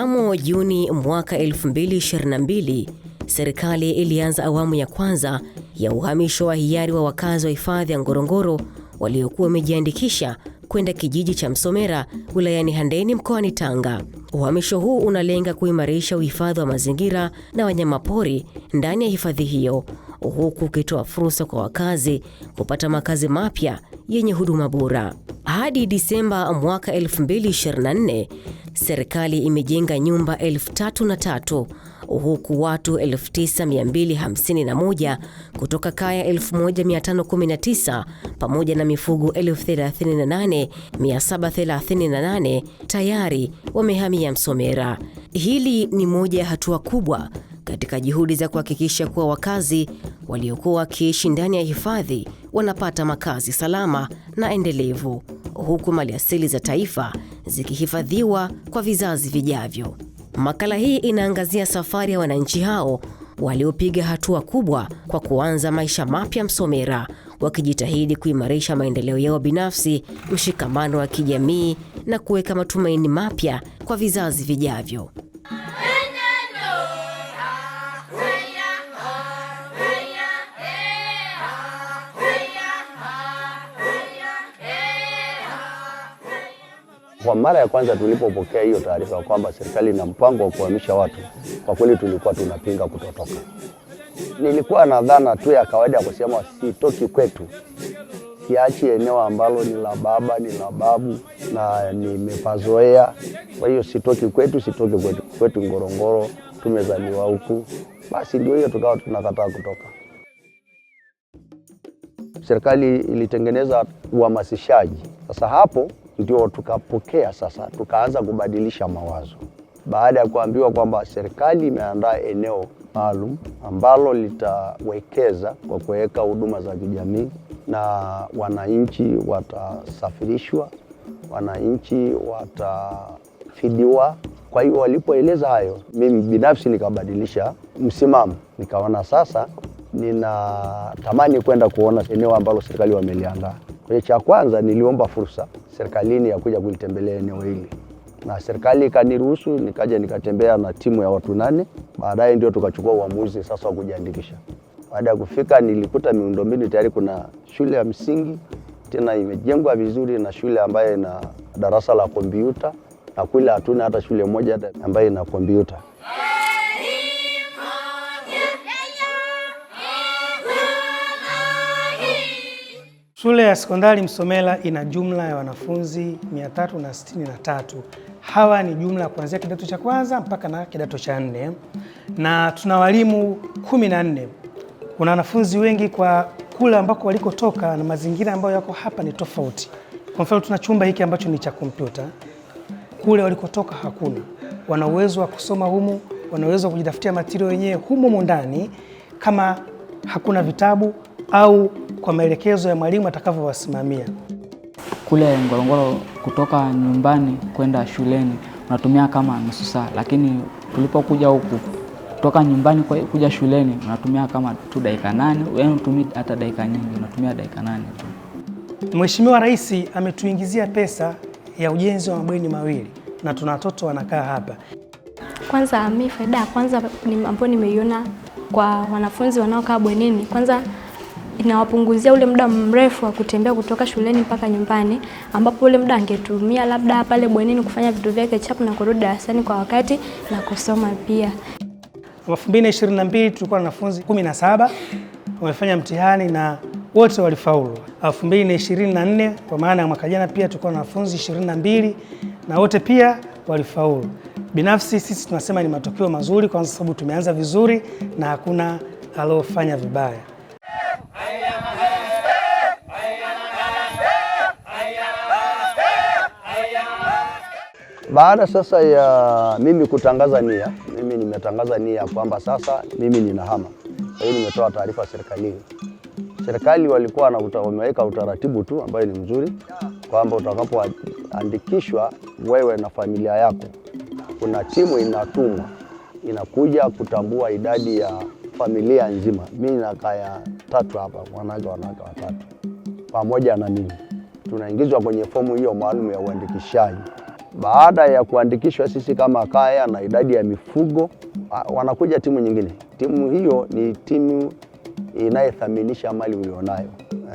Mnamo Juni mwaka 2022, serikali ilianza awamu ya kwanza ya uhamisho wa hiari wa wakazi wa hifadhi ya Ngorongoro waliokuwa wamejiandikisha kwenda kijiji cha Msomera wilayani Handeni mkoani Tanga. Uhamisho huu unalenga kuimarisha uhifadhi wa mazingira na wanyamapori ndani ya hifadhi hiyo, huku ukitoa fursa kwa wakazi kupata makazi mapya yenye huduma bora. Hadi Disemba mwaka 2024, serikali imejenga nyumba elfu huku watu 9251 kutoka kaya 1519 pamoja na mifugo 38738 tayari wamehamia Msomera. Hili ni moja ya hatua kubwa katika juhudi za kuhakikisha kuwa wakazi waliokuwa wakiishi ndani ya hifadhi wanapata makazi salama na endelevu, huku maliasili za taifa zikihifadhiwa kwa vizazi vijavyo. Makala hii inaangazia safari ya wananchi hao waliopiga hatua kubwa kwa kuanza maisha mapya Msomera, wakijitahidi kuimarisha maendeleo yao binafsi, mshikamano wa kijamii na kuweka matumaini mapya kwa vizazi vijavyo. Kwa mara ya kwanza tulipopokea hiyo taarifa ya kwamba serikali ina mpango wa kuhamisha watu, kwa kweli tulikuwa tunapinga kutotoka. Nilikuwa na dhana tu ya kawaida ya kusema sitoki kwetu, siachi eneo ambalo ni la baba ni la babu na nimepazoea. Kwa hiyo sitoki kwetu, sitoki kwetu, kwetu Ngorongoro, tumezaliwa huku. Basi ndio hiyo, tukawa tunakataa kutoka. Serikali ilitengeneza uhamasishaji. Sasa hapo ndio tukapokea sasa, tukaanza kubadilisha mawazo baada ya kuambiwa kwamba serikali imeandaa eneo maalum ambalo litawekeza kwa kuweka huduma za kijamii na wananchi watasafirishwa, wananchi watafidiwa. Kwa hiyo walipoeleza hayo, mimi binafsi nikabadilisha msimamo, nikaona sasa ninatamani kwenda kuona eneo ambalo serikali wameliandaa. Kwa hiyo cha kwanza niliomba fursa serikalini ya kuja kulitembelea eneo hili, na serikali ikaniruhusu nikaja nikatembea na timu ya watu nane. Baadaye ndio tukachukua uamuzi sasa wa kujiandikisha. Baada ya kufika, nilikuta miundombinu tayari, kuna shule ya msingi tena imejengwa vizuri na shule ambayo ina darasa la kompyuta, na kule hatuna hata shule moja ambayo ina kompyuta. Shule ya Sekondari Msomela ina jumla ya wanafunzi 363. Hawa ni jumla kuanzia kidato cha kwanza mpaka na kidato cha nne, na tuna walimu 14. Kuna wanafunzi wengi kwa kule ambako walikotoka na mazingira ambayo yako hapa ni tofauti. Kwa mfano, tuna chumba hiki ambacho ni cha kompyuta, kule walikotoka hakuna. Wana uwezo wa kusoma humu, wana uwezo wa kujitafutia matirio wenyewe humu ndani, kama hakuna vitabu au kwa maelekezo ya mwalimu atakavyowasimamia. Kule Ngorongoro kutoka nyumbani kwenda shuleni unatumia kama nusu saa, lakini tulipokuja huku kutoka nyumbani kuja shuleni unatumia kama tu dakika nane. Wewe unatumia hata dakika nyingi, unatumia dakika nane tu. Mheshimiwa Rais ametuingizia pesa ya ujenzi wa mabweni mawili na tuna watoto wanakaa hapa. Kwanza mi faida ya kwanza ambayo nimeiona kwa wanafunzi wanaokaa bwenini, kwanza inawapunguzia ule muda mrefu wa kutembea kutoka shuleni mpaka nyumbani, ambapo ule muda angetumia labda pale bwenini kufanya vitu vyake chapu na kurudi darasani kwa wakati na kusoma pia. 2022 tulikuwa na wanafunzi 17 wamefanya mtihani na wote walifaulu. 2024 kwa maana ya mwaka jana pia tulikuwa na wanafunzi 22 na wote pia walifaulu. Binafsi sisi tunasema ni matokeo mazuri, kwa sababu tumeanza vizuri na hakuna alofanya vibaya. Baada sasa ya mimi kutangaza nia, mimi nimetangaza nia kwamba sasa mimi ninahama. Kwa hiyo nimetoa taarifa serikalini. Serikali walikuwa wameweka utaratibu tu ambayo ni mzuri kwamba utakapoandikishwa wewe na familia yako, kuna timu inatumwa inakuja kutambua idadi ya familia nzima. Mimi na kaya tatu hapa, wanawake wanawake watatu pamoja na mimi, tunaingizwa kwenye fomu hiyo maalum ya uandikishaji. Baada ya kuandikishwa sisi kama kaya na idadi ya mifugo, wanakuja timu nyingine. Timu hiyo ni timu inayethaminisha mali ulionayo.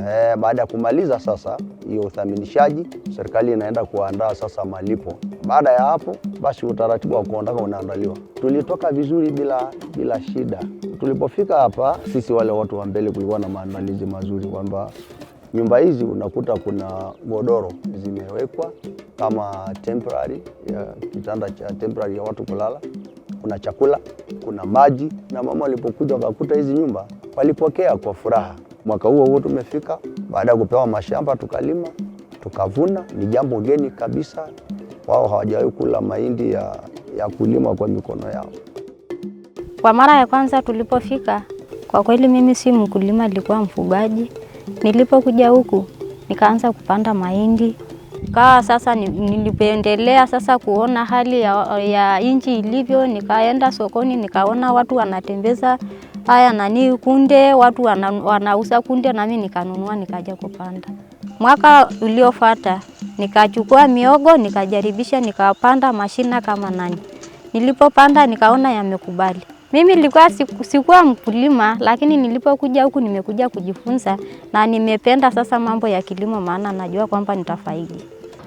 E, baada ya kumaliza sasa hiyo uthaminishaji, serikali inaenda kuandaa sasa malipo. Baada ya hapo basi utaratibu wa kuondoka unaandaliwa. Tulitoka vizuri bila, bila shida. Tulipofika hapa sisi wale watu wa mbele kulikuwa na maandalizi mazuri kwamba Nyumba hizi unakuta kuna godoro zimewekwa kama temporary ya kitanda cha temporary ya watu kulala. Kuna chakula, kuna maji, na mama walipokuja wakakuta hizi nyumba walipokea kwa furaha. Mwaka huo huo tumefika, baada ya kupewa mashamba tukalima, tukavuna. Ni jambo geni kabisa, wao hawajawahi kula mahindi ya, ya kulima kwa mikono yao. Kwa mara ya kwanza tulipofika, kwa kweli mimi si mkulima, nilikuwa mfugaji Nilipokuja huku nikaanza kupanda mahindi kawa sasa, nilipendelea sasa kuona hali ya, ya nchi ilivyo. Nikaenda sokoni nikaona watu wanatembeza haya nani kunde, watu wana, wanauza kunde, nami nikanunua nikaja kupanda. Mwaka uliofuata nikachukua miogo nikajaribisha, nikapanda mashina kama nani. Nilipopanda nikaona yamekubali mimi nilikuwa sikuwa mkulima, lakini nilipokuja huku nimekuja kujifunza na nimependa sasa mambo ya kilimo, maana najua kwamba nitafaidi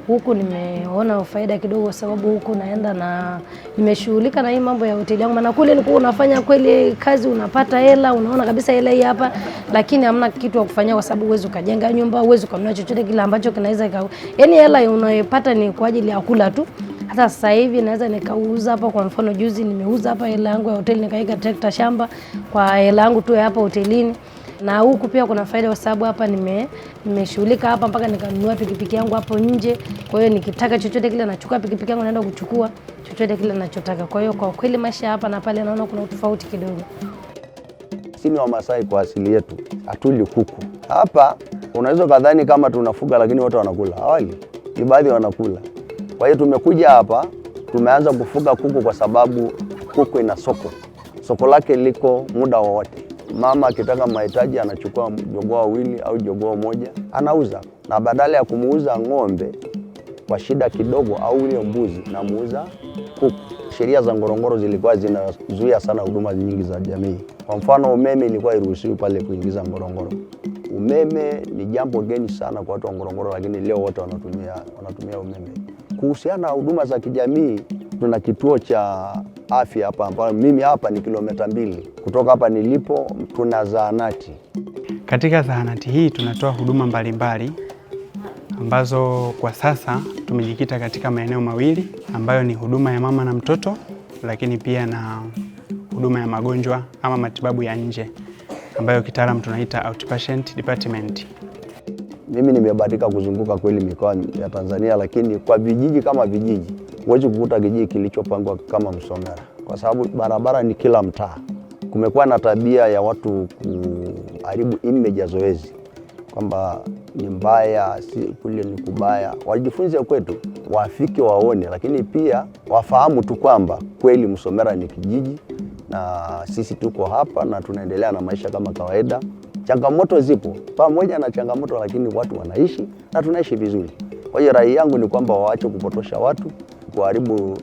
huku. Nimeona faida kidogo, sababu huku naenda na nimeshughulika na hii mambo ya hoteli yangu, maana kule nilikuwa unafanya kweli kazi, unapata hela, unaona kabisa hela hii hapa, lakini hamna kitu wa kufanyia, kwa sababu uwezi ukajenga nyumba, uwezi ukanunua chochote kile ambacho kinaweza, yaani hela unayopata ni kwa ajili ya kula tu hata sasa hivi naweza nikauza hapa. Kwa mfano juzi nimeuza hapa hela yangu ya hoteli, nikaweka trekta shamba kwa hela yangu tu hapa hotelini na huku pia kuna faida kwa sababu hapa nime nimeshughulika hapa mpaka nikanunua pikipiki yangu hapo nje. Kwa hiyo nikitaka chochote kile nachukua pikipiki yangu naenda kuchukua chochote kile nachotaka. Kwa hiyo kwa kweli maisha hapa na pale naona kuna utofauti kidogo. Sisi ni Wamasai kwa asili yetu, hatuli kuku hapa. Unaweza kadhani kama tunafuga, lakini wote wanakula hawali, ni baadhi wanakula. Kwa hiyo tumekuja hapa, tumeanza kufuga kuku kwa sababu kuku ina soko, soko lake liko muda wowote. Mama akitaka mahitaji anachukua jogoo wawili au jogoo moja anauza, na badala ya kumuuza ng'ombe kwa shida kidogo au ile mbuzi, namuuza kuku. Sheria za Ngorongoro zilikuwa zinazuia sana huduma nyingi za jamii. Kwa mfano, umeme ilikuwa iruhusiwi pale kuingiza Ngorongoro. Umeme ni jambo geni sana kwa watu wa Ngorongoro, lakini leo wote wanatumia, wanatumia umeme. Kuhusiana na huduma za kijamii, tuna kituo cha afya hapa ambapo mimi hapa ni kilomita mbili kutoka hapa nilipo. Tuna zahanati. Katika zahanati hii tunatoa huduma mbalimbali ambazo kwa sasa tumejikita katika maeneo mawili ambayo ni huduma ya mama na mtoto, lakini pia na huduma ya magonjwa ama matibabu ya nje ambayo kitaalamu tunaita outpatient department mimi nimebahatika kuzunguka kweli mikoa ya Tanzania, lakini kwa vijiji kama vijiji huwezi kukuta kijiji kilichopangwa kama msomera kwa sababu barabara ni kila mtaa. Kumekuwa na tabia ya watu kuharibu image ya zoezi kwamba ni mbaya, si kule ni kubaya. Wajifunze kwetu, wafike waone, lakini pia wafahamu tu kwamba kweli msomera ni kijiji na sisi tuko hapa na tunaendelea na maisha kama kawaida. Changamoto zipo pamoja na changamoto, lakini watu wanaishi na tunaishi vizuri. Kwa hiyo rai yangu ni kwamba waache kupotosha watu, kuharibu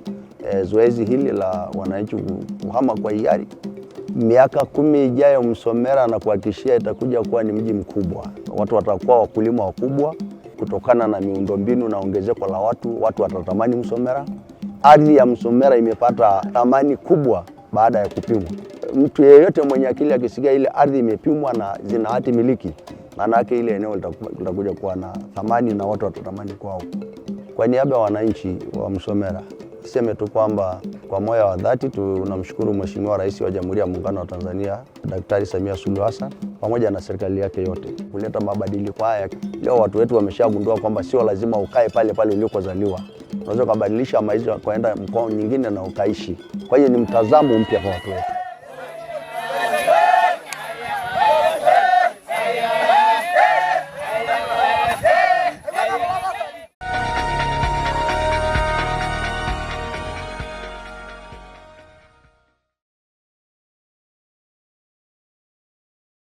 e, zoezi hili la wananchi kuhama kwa hiari. Miaka kumi ijayo, Msomera na kuhakikishia itakuja kuwa ni mji mkubwa, watu watakuwa wakulima wakubwa kutokana na miundombinu na ongezeko la watu. Watu watatamani Msomera. Ardhi ya Msomera imepata thamani kubwa baada ya kupimwa mtu yeyote mwenye akili akisikia ile ardhi imepimwa na zinaati miliki, yake ile eneo litakuja kuwa na thamani na watu watatamani kwao. Kwa niaba ya wananchi wa Msomera niseme tu kwamba kwa moyo wa dhati tunamshukuru Mheshimiwa Rais wa Jamhuri ya Muungano wa Tanzania Daktari Samia Suluhu Hassan pamoja na serikali yake yote kuleta mabadiliko haya. Leo watu wetu wameshagundua kwamba sio lazima ukae pale pale ulikozaliwa, unaweza ukabadilisha maisha ukaenda mkoa nyingine na ukaishi. Kwa hiyo ni mtazamo mpya kwa watu wetu.